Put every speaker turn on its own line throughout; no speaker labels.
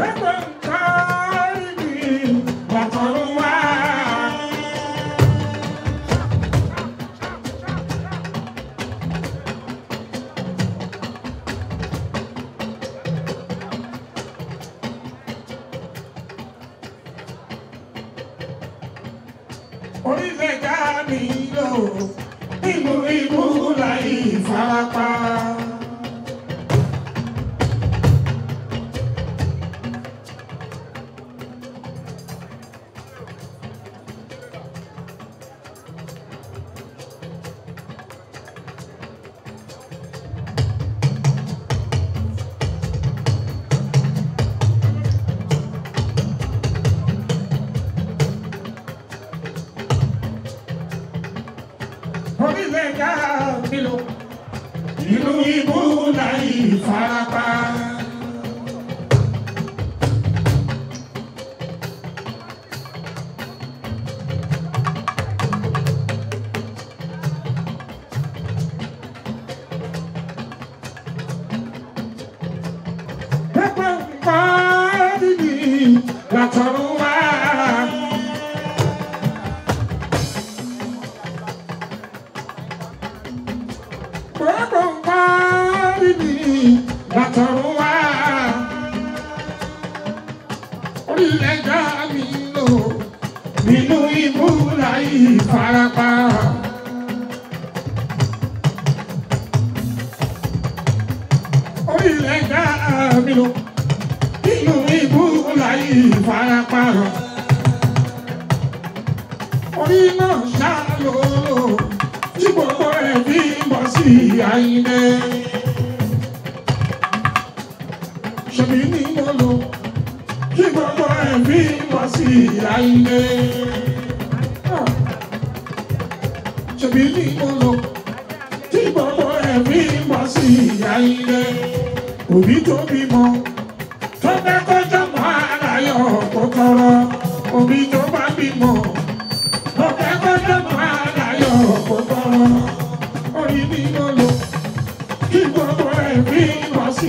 Uhum. àdìmúlà ìfarapa. Orílẹ̀ gá mi lò nínú ìbúlà ìfarapa. Orí náà ṣáàlò tí gbogbo ẹ̀ bí bọ̀ sí àyíndé. Ṣèbí ni mo lò kí gbogbo ẹ̀ bí ṣèbí ní mo lọ tí gbogbo ẹ̀mí wá sí ìyá ilé òbí tó bímọ tó bá kọjá máa láyọ̀ kọ́kọ́rọ́ òbí tó bá bímọ tó bá kọjá máa láyọ̀ kọ́kọ́rọ́ orí mi lọ lọ kí gbogbo ẹ̀mí wá sí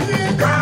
America.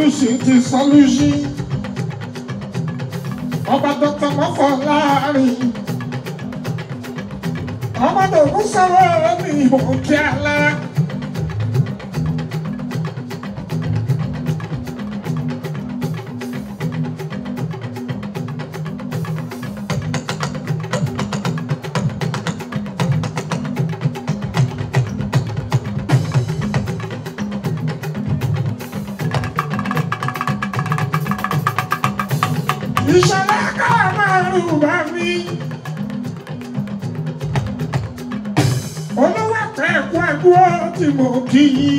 olùsìn ti sọlùsí ọba dr mọfọ láàrin ọmọdé òkú sọ̀rọ̀ rẹ ní ìhòòkè alára. Yorùbá mi. Olówó àtẹ ẹ̀kọ́ ẹ̀kọ́ tí mo kí i.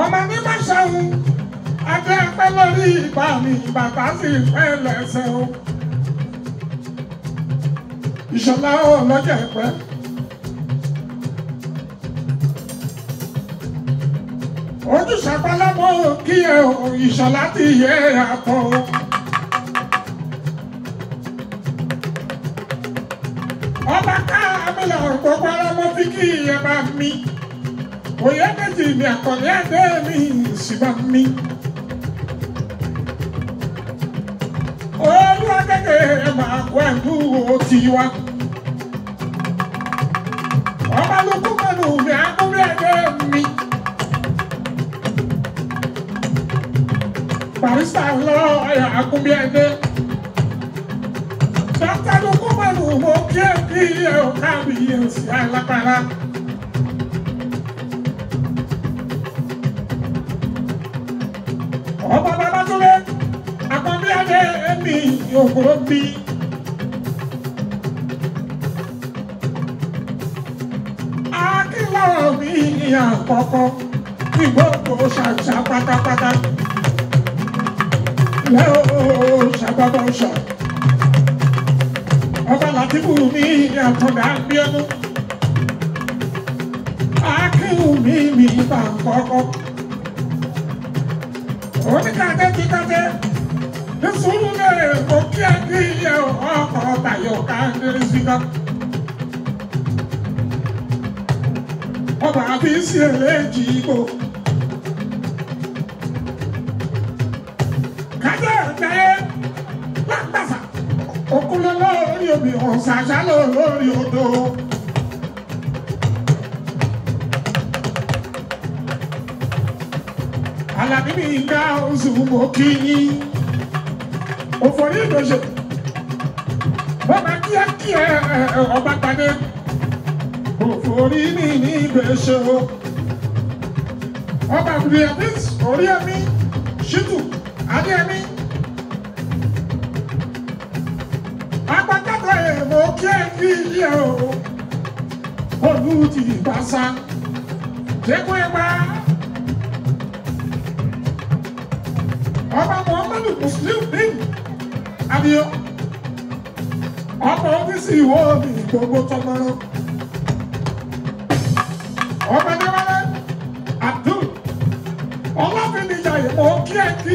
Ọmọ mi máa ṣàwọn adé pẹ́ lórí ìgbà mi, bàbá sì pẹ́ lẹ́sẹ̀ o. Ìṣọ̀lá ọlọ́jà ẹ̀pẹ́. ojú ṣàpálábọ̀ kí ẹ o ìṣọ̀lá ti yẹ àtọ̀ o. ọba káàmìlà gbogbo ara mo fi kí ẹ bá mi òye méjì ni àkọ́lé ẹgbẹ́ mi sì bá mi. olú akẹ́kẹ́ máa kó ẹ̀kú òtí wa. ọba ló kú mi àkúrẹ́ ẹgbẹ́ mi. barista lọ ẹ agunbi ẹdẹ dọkítàdó kọmọlù mo kí ẹ kí ẹ ò káàbì yẹ ò sí alápàrà. ọba babatunde agunbi ẹdẹ ẹmí yòókù bí. akílọ̀ mi ìyá àkọ́kọ́ lẹ́wọ̀ ṣàgbàgbà ọ̀ṣà ọba Látìbù mi ní mi mi bá ń kọ́kọ́ oníkàtẹ́ ti kàtẹ́ nísùúrù lẹ́rẹ̀ kó kí á kí ilé mi ò ṣàṣàlò lórí odò. Àlàbí mi ga oṣù mo kí yín. Òfòrí ìdòṣè. Bọ́lá kíákíá ọba gbadé. Òfòrí mi ní ìgbésẹ̀ o. Ọba Abdulhafiz Oríyẹmí Ṣítù Adéyẹmí. òkè bí ilé o olùdí ìgbàsá jẹ́kọ̀ ẹgbà. ọba muhammadu muslim bin abiyo ọmọ oníṣì ìwọ mi gbogbo tọmọrọ ọmọ abdul ọlọ́fin níjà ìmọ̀ kí ẹ kí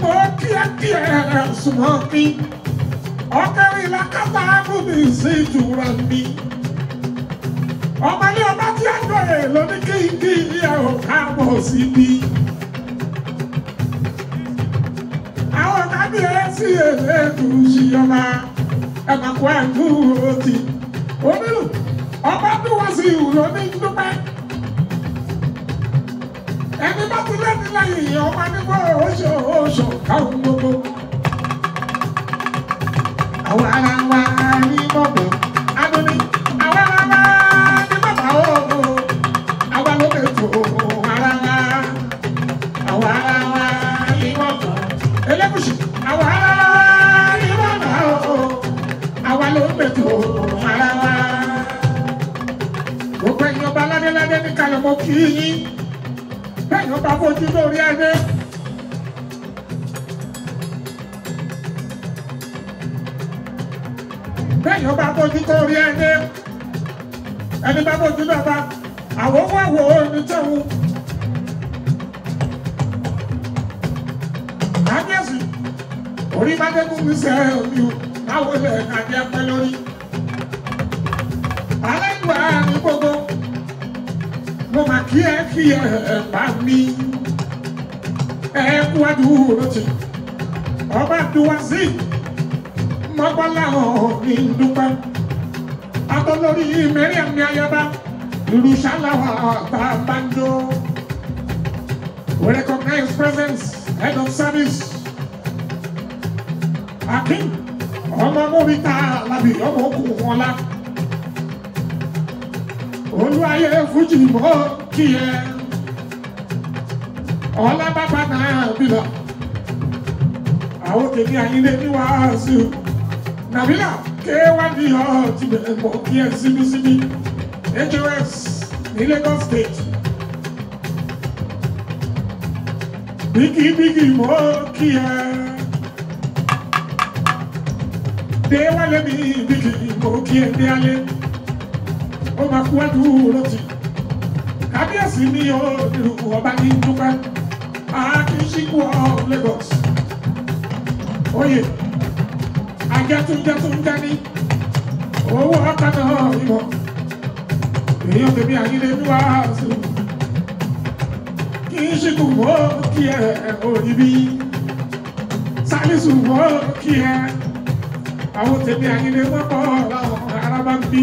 kíákíá súnmọ́ mi ọkẹ́rin lákàtà ábùmí sí ìjùra mi ọmọlé ọba tí a bẹ̀rẹ̀ lóní kíkí ẹ ò káàbọ̀ sí mi. àwọn kábíyèsí èlé ètùsí ọba ẹ̀mọ̀kọ́ ẹ̀kú òtí onílù ọba dúwọ́sí ìwúlò ní dúpẹ́ ẹni bá ti lẹ́ni lẹ́yìn ìyẹn ọmọ nígbà oṣù oṣù káwọn gbogbo. àwọn ará wa ní mọ̀gbọ́ adúlé àwọn ará wa ní bàbá òògùn àwa ló lè tó ara wa àwọn ará wa ní mọ̀gbọ́ elégùsì àwọn ará wa ní mọ̀gbọ́ àwa ló lè tó ara wa. gbogbo ẹ̀yin ọba ládéládé ní kalẹ̀ mọ́ kí yín èèyàn bá fojú lórí ẹni. Béèyàn bá fojú lórí ẹni. Ẹni bá fojú lọ́ba, àwọn wà wò ó ní tẹ̀wọ̀n. Kábíyèsí, orí Mádégún mi sẹ́ omi o, báwo lẹ̀ ká jẹ́ pẹ́ lórí. ni gbogbo mo mà kí ẹ fi ẹ pa mi ẹ kú adúró tì ọba duwazi mọ́gbọ́lá òní dúpẹ́ atọ́lórí mẹ́rin àmì ayaba irúṣàláwà àtàbàjọ we recognize presence head of service akin ọmọ mọ́bí tá a lábì ọmọ òkú wọn lá olúwayé fújì mọ́ kí ẹ ọlá bàbá náà bìlà àwọn kèké ayílé ní wàásù nàbílà kéwàdí ọtí bẹ̀rẹ̀ mọ́ kí ẹ síbísíbí hos ní Lagos State Bigi mọ́ kí ẹ déwálé mi bíkí mọ́ kí ẹ déálé ó máa kú wájú lọ́tì kábíyèsí ní olú ọba ní dúpẹ́ akínṣíkúọ Lagos oyè ajẹtúnjẹtúnjẹ ní owó ọkàtà ìwọ èyí ò tèmi àyílẹ́dúwà sí kí n ṣíkú mọ́ kí ẹ òyìnbí sálísù mọ́ kí ẹ àwọn tèmi àyílẹ́dúwà pọ̀ láwọn arábá ń bí.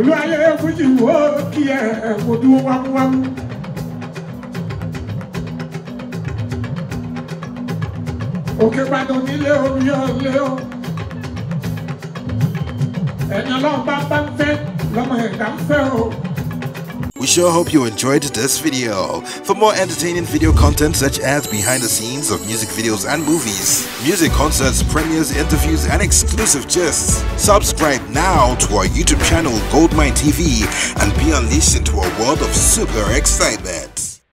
olú ayé fújì wò ó kí ẹ kò dún wámúwámú. òkè gbàdùn nílé omi ọ̀lẹ́ o ẹ̀yìn ọlọ́run bá bá ń fẹ́ lọ́mọ ẹ̀dá ń fẹ́ o. sure hope you enjoyed this video. For more entertaining video content such as behind the scenes of music videos and movies, music concerts, premieres, interviews and exclusive gists, subscribe now to our YouTube channel Goldmine TV and be unleashed into a world of super excitement.